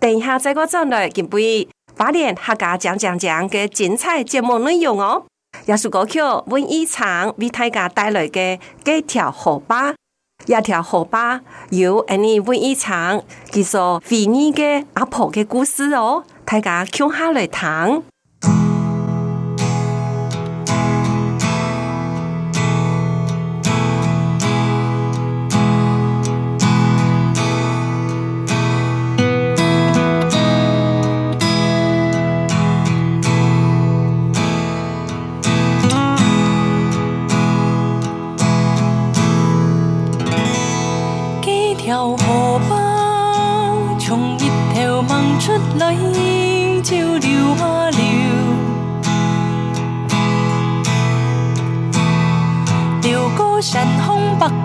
等一下，再過轉來，準備把連客家講講講嘅精彩節目內容哦。一首歌曲《文藝場》為大家帶來嘅幾條河巴，一條河巴有安尼文藝場，介紹肥妮嘅阿婆嘅故事哦，大家聽下來聽。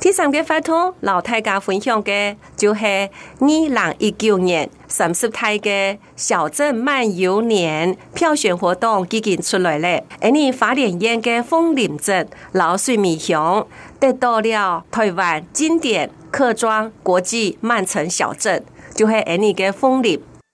第三個發通，同大家分享的，就是二零一九年三十大嘅小鎮漫遊年票選活動已經出來了。而你花蓮縣嘅鳳林鎮老水米熊得到了台灣經典客莊國際慢城小鎮，就是而你嘅鳳林。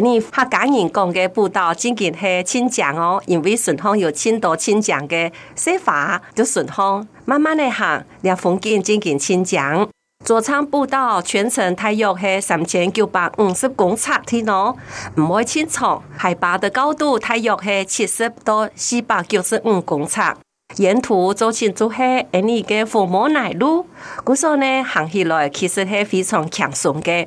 你客簡言講嘅步道，漸漸係千丈哦，因為順豐有千多千丈的說法就，都順豐慢慢嚟行，你風景真漸千丈。佐倉步道全程大約係三千九百五十公尺添哦，唔會千尺。海拔的高度大約係七十到四百九十五公尺，沿途走盡都係呢個父母奶路，故說呢行起來其實係非常輕鬆嘅。